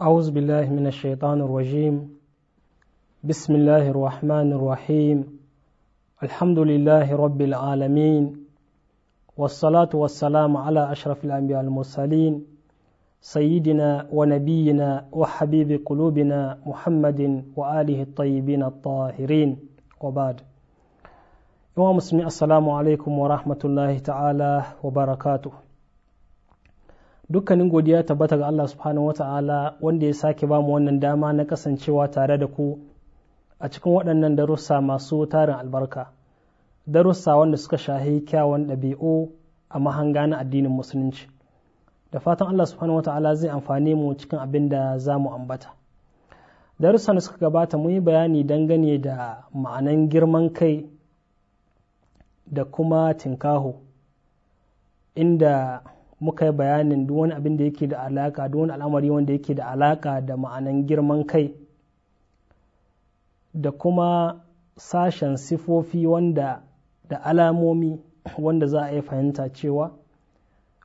أعوذ بالله من الشيطان الرجيم بسم الله الرحمن الرحيم الحمد لله رب العالمين والصلاة والسلام على أشرف الأنبياء المرسلين سيدنا ونبينا وحبيب قلوبنا محمد وآله الطيبين الطاهرين وبعد يوم السلام عليكم ورحمة الله تعالى وبركاته dukkanin godiya tabbata ga Allah subhanahu ta'ala wanda ya sake ba mu wannan dama na kasancewa tare da ku a cikin waɗannan darussa masu tarin albarka darussa wanda suka shahi kyawun ɗabi'u a mahanga na addinin musulunci da fatan Allah subhanahu ta'ala zai amfane mu cikin abin da za mu ambata darussan da suka gabata mu yi bayani dangane da ma'anan girman kai da kuma tinkaho inda muka yi bayanin duk wani abin da yake da alaka duk wani al'amari wanda yake da alaka da ma'anan girman kai da kuma sashen sifofi wanda da alamomi wanda za a yi fahimta cewa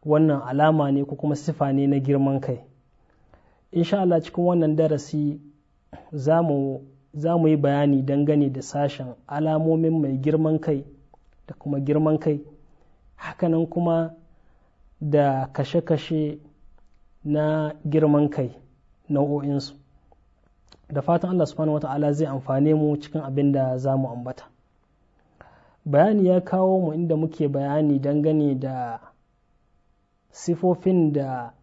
wannan alama ne ko kuma sifa ne na girman kai insha Allah cikin wannan darasi za mu yi bayani dangane da sashen alamomin mai girman kai da kuma girman kai hakanan kuma da kashe-kashe na girman kai nau'o'insu da fatan Allah subhanahu wata'ala zai amfane mu cikin abin da za mu ambata bayani ya kawo mu inda muke bayani dangane da sifofin da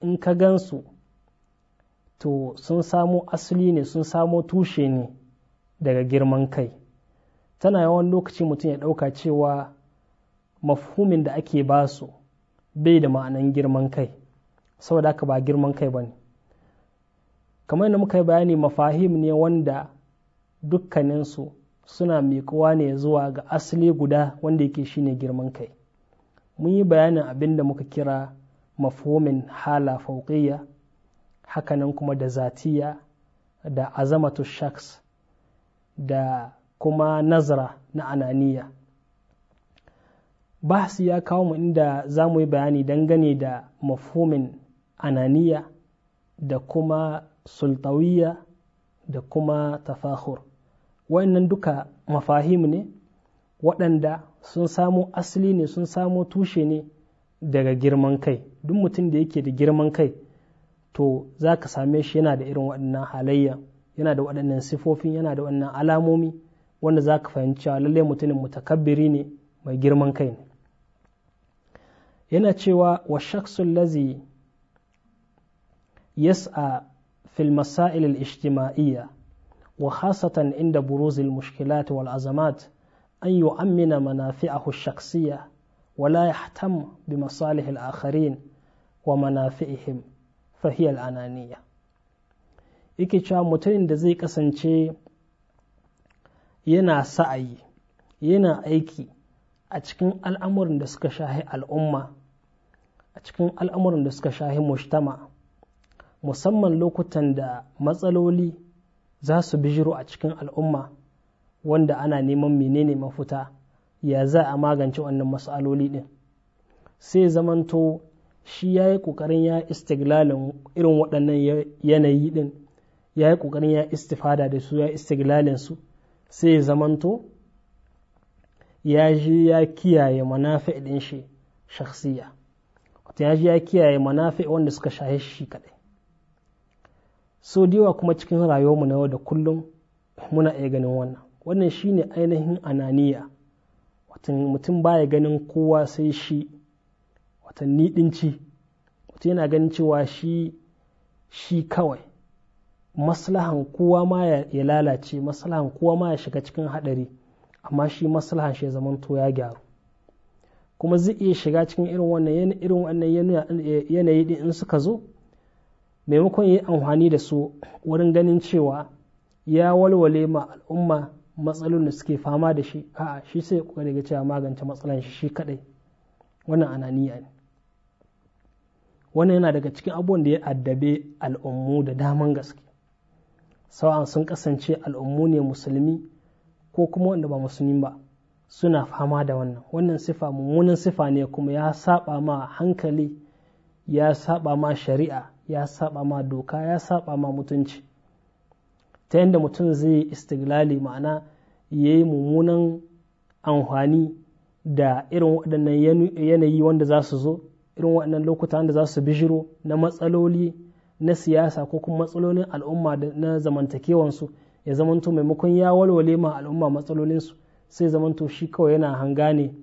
in ka gansu to sun samo asali ne sun samo tushe ne daga girman kai tana yawan lokaci mutum ya ɗauka cewa mafhumin da ake basu bai da ma'anan girman kai saboda haka ba girman kai ba ne kamar yadda muka yi bayani mafahim ne wanda dukkaninsu suna miƙuwa ne zuwa ga asali guda wanda yake shine girman kai mun yi bayanin abin da muka kira mafhumin hala fauqiyya hakanan kuma da zatiya da azamatu shaks da kuma nazara na ananiya bahasi ya kawo mu inda za mu yi bayani dangane da mafumin ananiya da kuma sultawiya da kuma tafahur wayannan duka mafahim ne waɗanda sun samo asali ne sun samo tushe ne daga girman kai duk mutum da yake da girman kai to za ka same shi yana da irin waɗannan halayya yana da waɗannan sifofin yana da waɗannan alamomi wanda za ka fahimci lallai mutumin mutakabbiri ne mai girman kai ne yana cewa wa shaksun lazi yas'a fil masail al-ijtima'iyya wa khasatan inda buruzil mushkilat wal azamat an yu'ammina manafi'ahu ash-shakhsiyya wa la yahtam bi masalih al-akharin wa manafi'ihim fa hiya al-ananiyya yake cewa mutumin da zai kasance yana sa'ayi yana aiki a cikin al'amuran da suka shahi al'umma a cikin al'amuran da suka shahi mujtama musamman lokutan da matsaloli za su bijiro a cikin al'umma wanda ana neman menene mafuta ya za a magance wannan matsaloli ɗin sai zamanto shi ya yi ƙoƙarin ya istiglalin irin waɗannan yanayi ɗin ya yi ƙoƙarin ya istifada da su ya istiglalin su sai zamanto ya ji ya kiyaye manafi ɗin shi shakhsiya ya yaji ya kiyaye manafi wanda suka shaye shi kadai so diwa kuma cikin rayuwarmu na yau da kullum muna iya ganin wannan wannan shine ainihin ananiya watan mutum baya ganin kowa sai shi watan niɗinci mutum yana ganin cewa shi shi kawai maslahan kowa ma ya lalace maslahan kowa ma ya shiga cikin haɗari amma shi maslahan shi ya zamanto ya gyaru kuma zai iya shiga cikin irin wannan yanayi din in suka zo maimakon yi amfani da su wurin ganin cewa ya walwale ma al'umma matsalolin da suke fama da shi a'a shi sai ya daga cewa magance matsalan shi shi kadai wannan ananiya ne wannan yana daga cikin abubuwan da ya addabe al'ummu da daman gaske sau'an sun kasance al'ummu ne musulmi ko kuma wanda ba musulmi ba suna fama da wannan wannan sifa mummunan sifa ne kuma ya saba ma hankali ya saba ma shari'a ya saba ma doka ya saba ma mutunci ta yadda mutum zai istiglali ma'ana ya yi mummunan amfani da irin waɗannan yanayi wanda za su zo irin waɗannan lokuta wanda za su bijiro na matsaloli na siyasa ko kuma matsalolin al'umma na zamantakewansu ya zamanto maimakon ya walwale ma al'umma matsalolinsu sai zamanto shi kawai yana hanga ne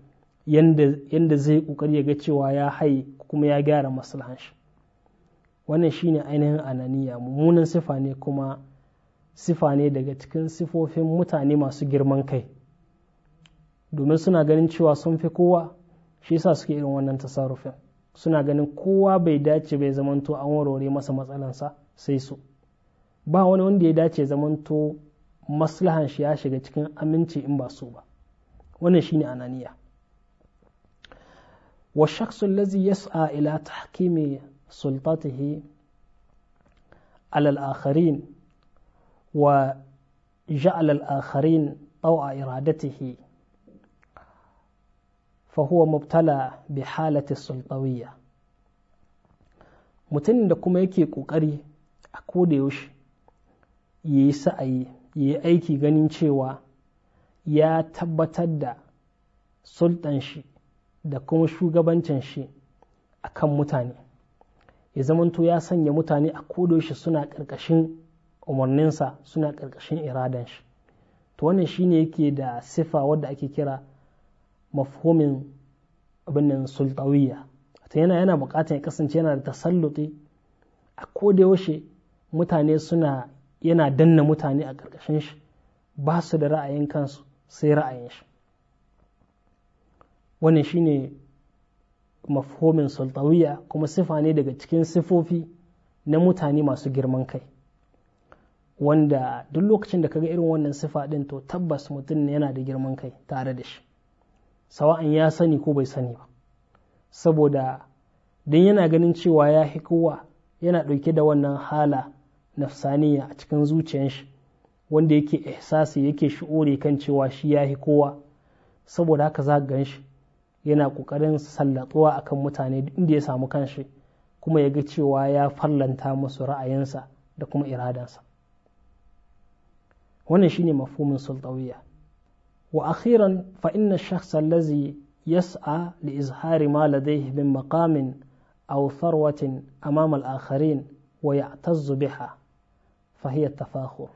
yadda zai kokari ya ga cewa ya haye kuma ya gyara maslahan shi wannan shine ainihin ananiya mummunan sifa ne kuma sifa ne daga cikin sifofin mutane masu girman kai domin suna ganin cewa sun fi kowa shi yasa suke irin wannan tasarrufin suna ganin kowa bai dace bai zamanto an warware masa matsalansa sai su ba wani wanda ya dace zamanto maslahan shi ya shiga cikin aminci in ba so ba wannan shine ananiya wa shakhsu allazi yas'a ila tahkimi sultatihi ala al-akharin wa ja'ala al-akharin taw'a iradatihi fahuwa mubtala bi halati sultawiyya mutumin da kuma yake kokari a koda yaushe yayi sa'ayi yi aiki ganin cewa ya tabbatar da sultan shi da kuma shugabancin shi a kan mutane ya zamanto ya sanya mutane a kodoshi suna ƙarƙashin umarninsa suna ƙarƙashin iradan shi to wannan shine yake da sifa wadda ake kira mafhumin abinnan sultawiyya ta yana yana bukatar ya kasance yana da tasalluti a kodayaushe mutane suna yana danna mutane a ƙarƙashin shi ba su da ra'ayin kansu sai ra'ayin shi wannan shine mafhumin sultawiya kuma sifa ne daga cikin sifofi na mutane masu girman kai wanda duk lokacin da ka ga irin wannan sifa ɗin to tabbas mutum ne yana da girman kai tare da shi sawa'an ya sani ko bai sani ba saboda don yana ganin cewa ya kowa yana ɗauke da wannan hala nafsaniya a cikin zuciyar shi wanda yake ihsasi yake shi'ori kan cewa shi ya yi kowa saboda haka za gan shi yana kokarin sallatuwa akan mutane duk inda ya samu kanshi kuma ya ga cewa ya fallanta musu ra'ayinsa da kuma iradansa wannan shine mafhumin sultawiya wa akhiran fa inna shakhs allazi yas'a li izhari ma ladayhi min maqamin aw tharwatin amama al-akharin wa ya'tazzu biha fahiyar tafahur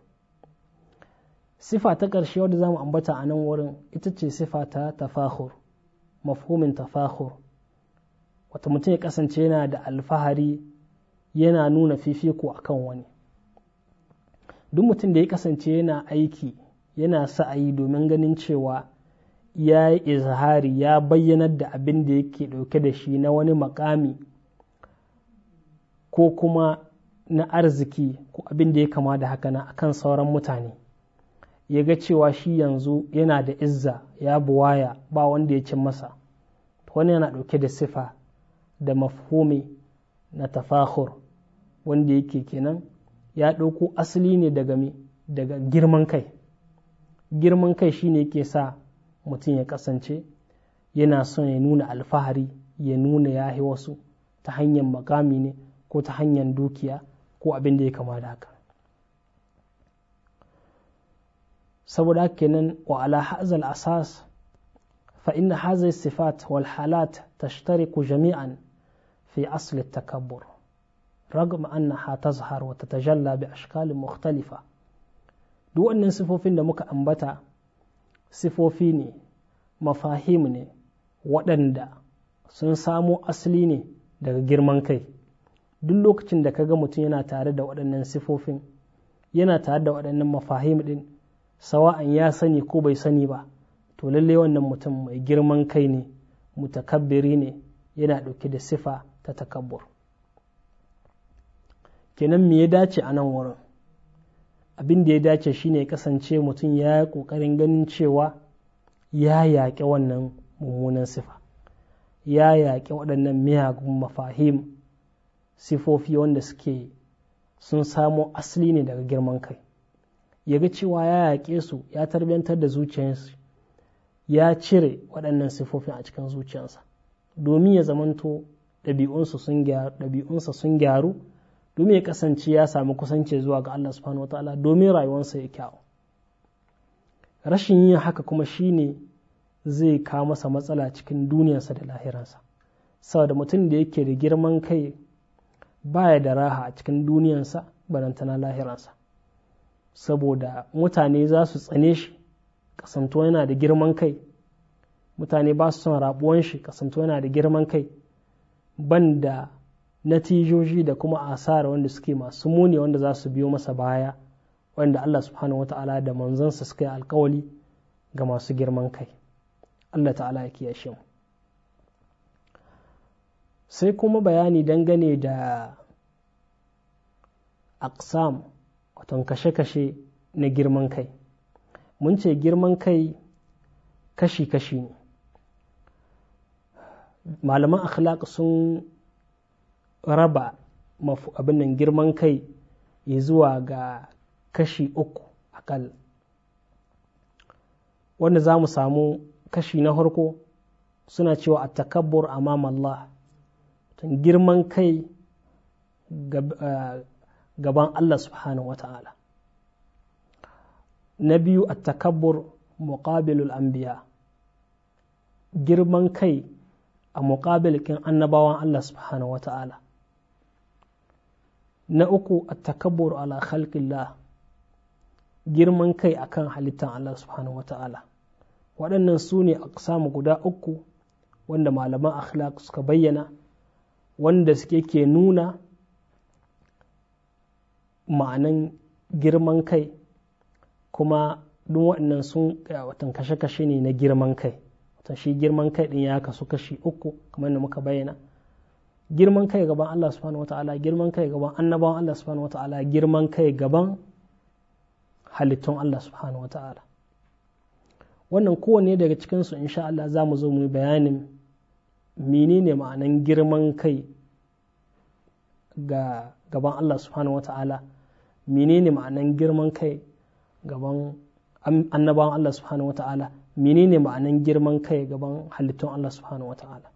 sifa ta ƙarshe wadda za mu ambata a nan wurin ita ce sifa ta tafahur mafhumin tafahur wata mutum ya kasance yana da alfahari yana nuna fifiko a kan wani duk mutum da ya kasance yana aiki yana sa'ayi domin ganin cewa ya yi izhari ya bayyanar da abin da yake ɗauke da shi na wani makami ko kuma na arziki ko abin da ya kama da haka na akan sauran mutane ya ga cewa shi yanzu yana da izza ya buwaya ba wanda ya cin masa wani yana ɗauke da sifa da mafhumi na tafahur wanda yake kenan ya ɗauko asali ne daga girman kai girman kai shine ke sa mutum ya kasance yana son ya nuna alfahari ya nuna yahi wasu ta hanyar makami ne ko ta hanyar dukiya ko abin da ya kama da haka saboda haka kenan wa ala hazal asas fa inna hazai sifat wal halat tashtariku jami'an fi asli takabbur رغم أنها تظهر وتتجلى ashkalin مختلفة duk wannan sifofin da muka ambata sifofi ne mafahim ne waɗanda sun samo asali ne daga girman kai duk lokacin da kaga mutum yana tare da waɗannan sifofin yana tare da waɗannan mafahim ɗin sawa'an ya sani ko bai sani ba to lallai wannan mutum mai girman kai ne mutakabbiri ne yana ɗauke da sifa ta takabbur kenan me ya dace a nan wurin abin da ya dace shine ya kasance mutum ya yi ƙoƙarin ganin cewa ya yaƙe wannan mummunan sifa ya yaƙe waɗannan miyagun mafahim sifofi wanda suke sun samo asali ne daga girman kai ya ga cewa ya yaƙe su ya tarbiyantar da zuciyarsu ya cire waɗannan sifofin a cikin zuciyarsa domin ya zamanto ɗabi'unsa sun gyaru domin ya kasance ya sami kusanci zuwa ga Allah subhanahu wa domin rayuwarsa ya kyau rashin yin haka kuma shine zai kawo masa matsala cikin duniyarsa da lahiransa saboda mutum da yake da girman kai baya da raha a cikin duniyansa barantana lahiransa saboda mutane za su tsane shi kasanto yana da girman kai mutane ba su son rabuwan shi kasanto yana da girman kai banda natijoji da kuma asara wanda suke masu muni wanda za su biyo masa baya wanda Allah subhanahu wa ta'ala da manzansa suka yi alkawali ga masu girman kai Allah ta'ala ya kiyashe mu sai kuma bayani dangane da aksam wato kashe-kashe na girman kai mun ce girman kai kashi-kashi ne malaman akhlaq sun raba abin nan girman kai ya zuwa ga kashi uku akal wanda za mu samu kashi na harko suna cewa a takabbur amam Allah girman kai gaban Allah subhanahu wa ta'ala na biyu a takabbur muqabilul anbiya girman kai a muqabilin annabawan Allah subhanahu wa ta'ala na uku a takabbur ala khalqillah girman kai akan halittan Allah subhanahu wa ta'ala waɗannan su ne a guda uku wanda malaman akhlaq suka bayyana wanda suke ke nuna ma'anin girman kai kuma duk waɗannan sun watan kashe-kashe ne na girman kai watan shi girman kai ɗin ya kasu kashi uku kamar da muka bayyana girman kai gaban Allah subhanahu girman kai gaban annabawan Allah subhanahu girman kai gaban halittun Allah subhanahu wata'ala wannan kowanne daga cikinsu insha Allah za mu zo mu bayanin menene ma'anan girman kai ga gaban Allah subhanahu wata'ala menene ma'anan girman kai gaban annabawan Allah subhanahu wata'ala menene ma'anan girman kai gaban halittun Allah subhanahu wata'ala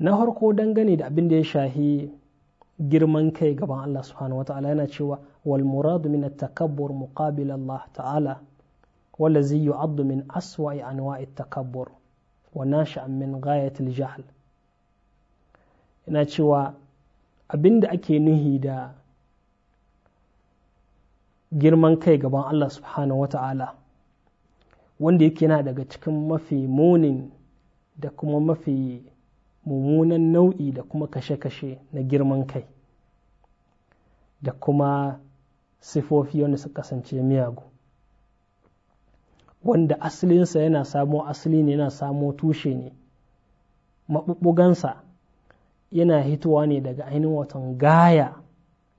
na harko dangane da abin da ya shahi girman kai gaban Allah subhanahu wata'ala yana cewa wal muradu min at-takabbur muqabil Allah ta'ala wallazi abdu min aswa'i anwa'i takabbur wa nashi'an min ghayatil jahl ina cewa abin da ake nuhi da girman kai gaban Allah subhanahu ta’ala wanda yake yana daga cikin mafi munin da kuma mafi mummunan nau'i da kuma kashe-kashe na girman kai da kuma sifofi wanda su kasance miyagu wanda asalinsa yana samo asali ne yana samo tushe ne maɓuɓɓugansa yana hitowa ne daga ainihin watan gaya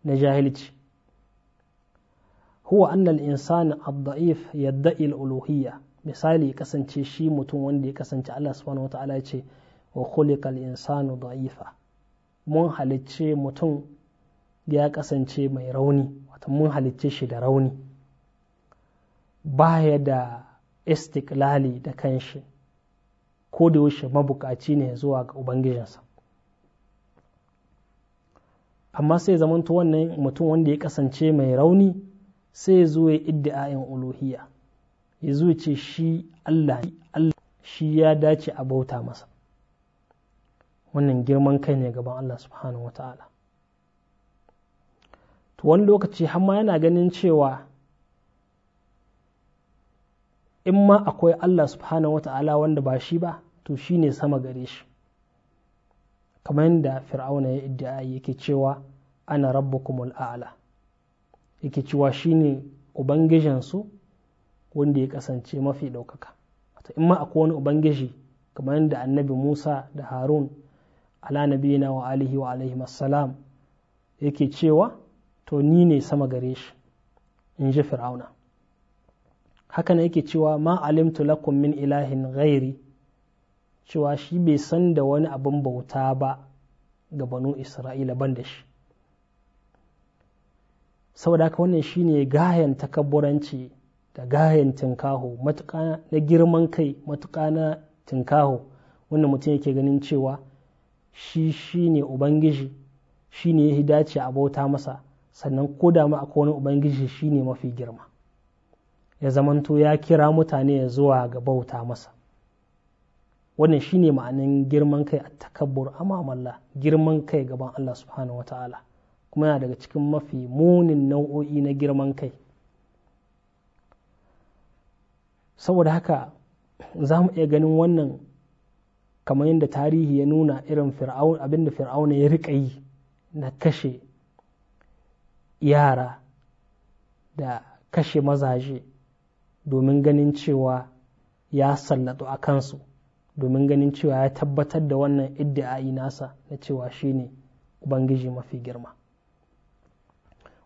na jahilci huwa annal insani ad-da'if yadda'i al-uluhiyya misali kasance shi mutum wanda ya kasance Allah subhanahu wata'ala ce wa kulikal insanu da'ifa mun halicce mutum ya kasance mai rauni wato mun halicce shi da rauni baya da istiklali da kanshi ko da yaushe mabukaci ne zuwa ga ubangijinsa amma sai zamanto wannan mutum wanda ya kasance mai rauni sai ya zo ya iddi'ayin uluhiyya ya zo ce shi Allah shi ya dace a bauta masa wannan girman kai ne gaban Allah subhanahu ta'ala to wani lokaci har ma yana ganin cewa in ma akwai Allah subhanahu wata'ala wanda ba shi ba to shi ne sama gare shi kamar yadda fir'auna ya iddia yake cewa ana rabbukumul a'la yake cewa shi ne ubangijinsu wanda ya kasance mafi ɗaukaka wata in ma akwai wani ubangiji kamar yadda annabi musa da harun ala nabiyina wa alihi wa alaihi yake cewa to ni ne sama gare shi in ji fir'auna haka yake cewa ma alimtu lakum min ilahin ghairi cewa shi bai san da wani abin bauta ba ga banu isra'ila ban da shi saboda haka wannan shi ne gayan takabburanci da gayan tinkaho matuƙa na girman kai matuƙa na tinkaho wannan mutum yake ganin cewa shi shine ubangiji shine ya dace a bauta masa sannan ko da ma akwai wani ubangiji ne mafi girma ya zamanto ya kira mutane zuwa ga bauta masa wannan shine ma'anin girman kai a takabbur amamallah girman kai gaban Allah subhanahu wata'ala kuma yana daga cikin mafi munin nau'o'i na girman kai saboda haka za mu iya ganin wannan kamar yadda tarihi ya nuna irin abinda fir'auna ya riƙa yi na kashe yara da kashe mazaje domin ganin cewa ya sallatu a kansu domin ganin cewa ya tabbatar da wannan iddi'a'i nasa na cewa shine ubangiji mafi girma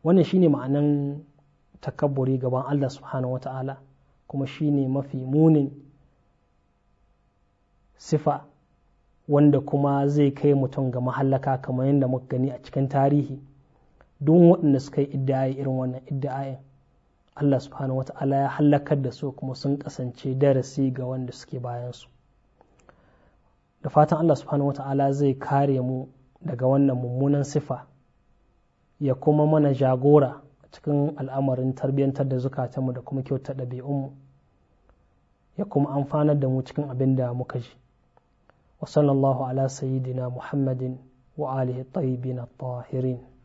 wannan shine ma'anan takabburi gaban Allah subhanahu wata'ala kuma shine mafi munin sifa wanda kuma zai kai mutum ga mahallaka kamar yadda muka gani a cikin tarihi duk waɗanda suka yi iddi'ai irin wannan iddia'in Allah subhanahu wata'ala ya halakar da su kuma sun kasance darasi ga wanda suke bayansu da fatan Allah subhanahu wata'ala zai kare mu daga wannan mummunan sifa ya kuma mana jagora cikin al'amarin tarbiyyantar da zukatanmu da kuma kyauta ɗabi'unmu ya kuma amfanar da mu cikin abin da muka ji wa sallallahu ala sayyidina muhammadin wa alihi tayyibin tahirin